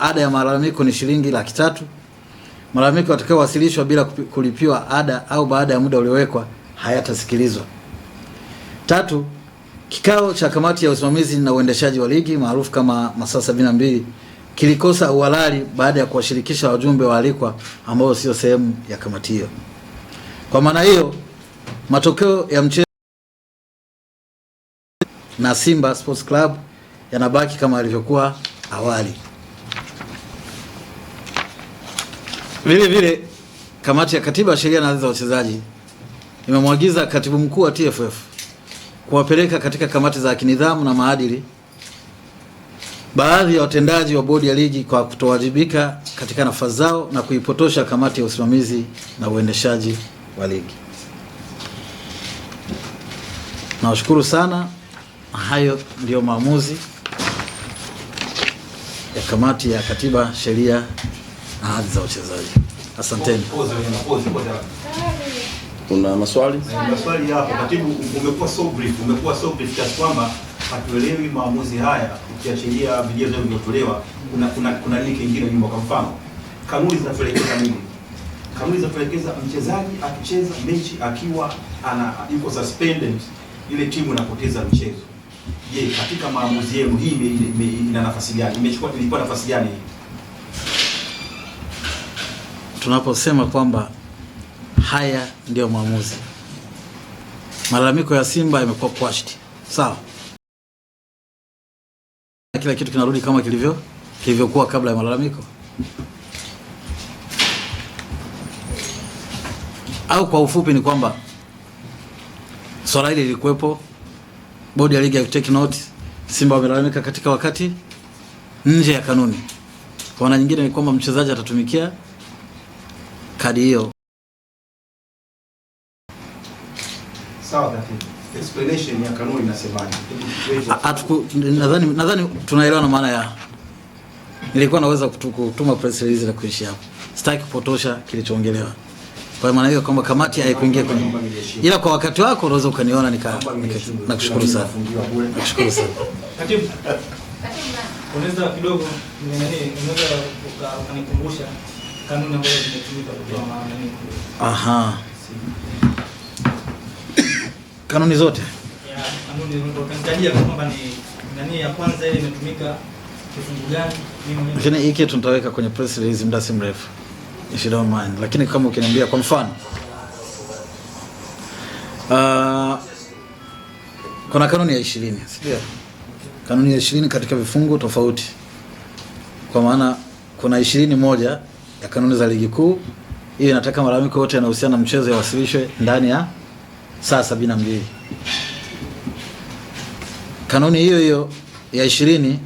Ada ya malalamiko ni shilingi laki tatu. Malalamiko yatakayowasilishwa bila kulipiwa ada au baada ya muda uliowekwa hayatasikilizwa. Tatu, kikao cha kamati ya usimamizi na uendeshaji wa ligi maarufu kama masaa 72 kilikosa uhalali baada ya kuwashirikisha wajumbe waalikwa ambao sio sehemu ya kamati hiyo. Kwa maana hiyo, matokeo ya mchezo na Simba Sports Club yanabaki kama yalivyokuwa awali. Vile vile kamati ya katiba, sheria na za wachezaji imemwagiza katibu mkuu wa TFF kuwapeleka katika kamati za kinidhamu na maadili baadhi ya watendaji wa bodi ya ligi kwa kutowajibika katika nafasi zao na kuipotosha kamati ya usimamizi na uendeshaji wa ligi. Nawashukuru sana. Hayo ndiyo maamuzi ya kamati ya katiba, sheria ahadi za wachezaji. Asanteni. Una maswali? Maswali hapo. Katibu, umekuwa so brief, umekuwa so brief kiasi kwamba hatuelewi maamuzi haya, ukiachilia video zao zilizotolewa, kuna kuna kuna nini kingine nyuma? Kwa mfano, kanuni zinatuelekeza nini? Kanuni zinatuelekeza mchezaji akicheza mechi akiwa ana yuko suspended, ile timu inapoteza mchezo. Je, katika maamuzi yenu hii ina nafasi gani? Imechukua ilikuwa nafasi gani hii? tunaposema kwamba haya ndiyo maamuzi. Malalamiko ya Simba yamekuwa quashed, sawa, kila kitu kinarudi kama kilivyo kilivyokuwa kabla ya malalamiko. Au kwa ufupi ni kwamba swala hili lilikuwepo, bodi ya ligi take note, Simba wamelalamika katika wakati nje ya kanuni. Kwa maana nyingine ni kwamba mchezaji atatumikia serikali hiyo. Nadhani nadhani tunaelewana maana ya nilikuwa naweza kutuma press release na kuishi hapo. Sitaki kupotosha kilichoongelewa. Kwa maana hiyo kwamba kamati haikuingia kwenye, ila kwa wakati wako unaweza ukaniona nika nakushukuru sana. Nakushukuru sana. Katibu. Unaweza kidogo unaweza ukanikumbusha kanuni ambazo zimetumika kutoa maana nini? Aha. Kanuni zote? Ya, kanuni tunaangalia kwamba ni nani ya kwanza ile imetumika Lakini hii kitu kwenye press release muda si mrefu. If you don't mind. Lakini kama ukiniambia kwa mfano uh, kuna kanuni ya ishirini sindio? Kanuni ya ishirini katika vifungu tofauti, kwa maana kuna ishirini moja ya kanuni za ligi kuu. Hiyo inataka malalamiko yote yanayohusiana na mchezo yawasilishwe ndani ya saa sabini na mbili. Kanuni hiyo hiyo ya ishirini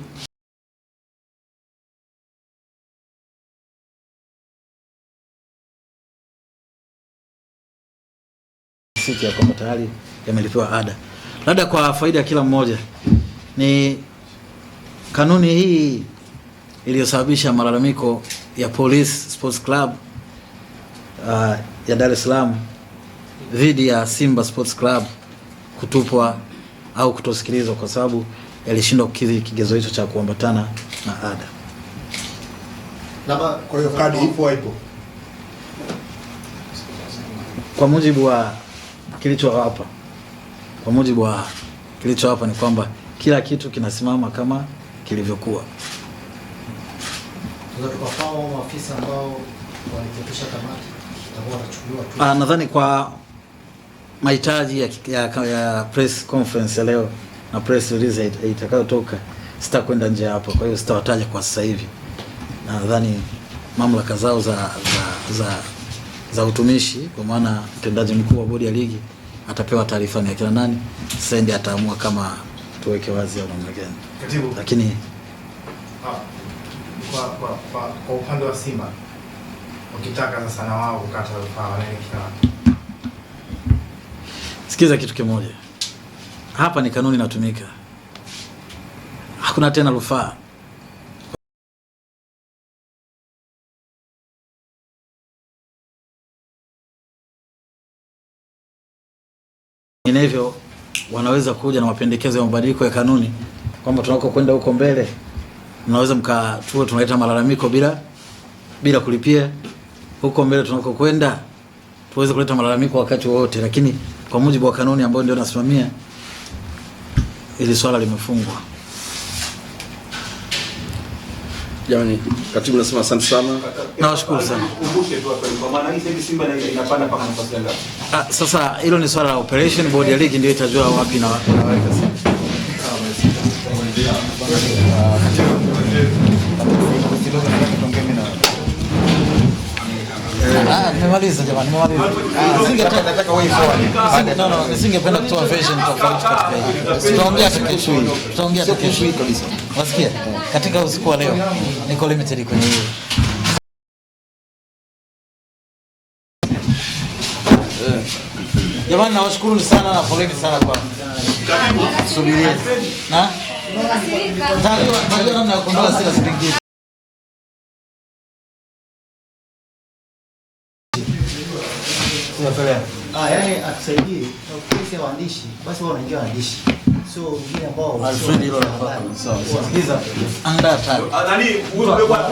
ya kwamba tayari yamelipiwa ada. Labda kwa faida ya kila mmoja, ni kanuni hii iliyosababisha malalamiko ya Police Sports Club uh, ya Dar es Salaam dhidi ya Simba Sports Club kutupwa au kutosikilizwa kwa sababu yalishindwa kukidhi kigezo hicho cha kuambatana na ada. Kwa hiyo kadi ipo haipo? Kwa mujibu wa kilicho hapa, kwa mujibu wa kilicho hapa ni kwamba kila kitu kinasimama kama kilivyokuwa. Ah, nadhani kwa mahitaji ya, ya, ya press conference ya leo na press release itakayotoka sitakwenda nje hapo, kwa hiyo sitawataja kwa sasa hivi. Nadhani mamlaka zao za, za, za, za utumishi kwa maana mtendaji mkuu wa bodi ya ligi atapewa taarifa ni akina nani, sasa ndiye ataamua kama tuweke wazi au namna gani, lakini ha. Ah kwa kwa, kwa, kwa upande wa Simba ukitaka sasa na wao ukata rufaa wanaelekea Sikiza kitu kimoja hapa, ni kanuni inatumika, hakuna tena rufaa. Vinginevyo wanaweza kuja na mapendekezo ya mabadiliko ya kanuni kwamba tunako kwenda huko mbele mnaweza mka tuwe tunaleta malalamiko bila bila kulipia. Huko mbele tunakokwenda tuweze kuleta malalamiko wakati wowote, lakini kwa mujibu wa kanuni ambayo ndio nasimamia, ili swala limefungwa. Jamani, katibu nasema asante sana. Nawashukuru sana. tu hapo kwa maana hii ah, Sasa hilo ni swala la operation, board ya ligi ndio itajua wapi na wapi. nimemaliza jamani, nimemaliza. Nisingependa kutoa version tofauti katika hii. Tutaongea tu kesho hii, tutaongea tu kesho hii kabisa. Wasikia katika usiku wa leo niko limited kwenye hiyo Jamani, nawashukuru sana na poleni sana kwa subiria na najua namna ya kuondoa sila spingine Ah, yani atusaidie kwa ya waandishi, basi wao wanaingia waandishi. So wengine ambao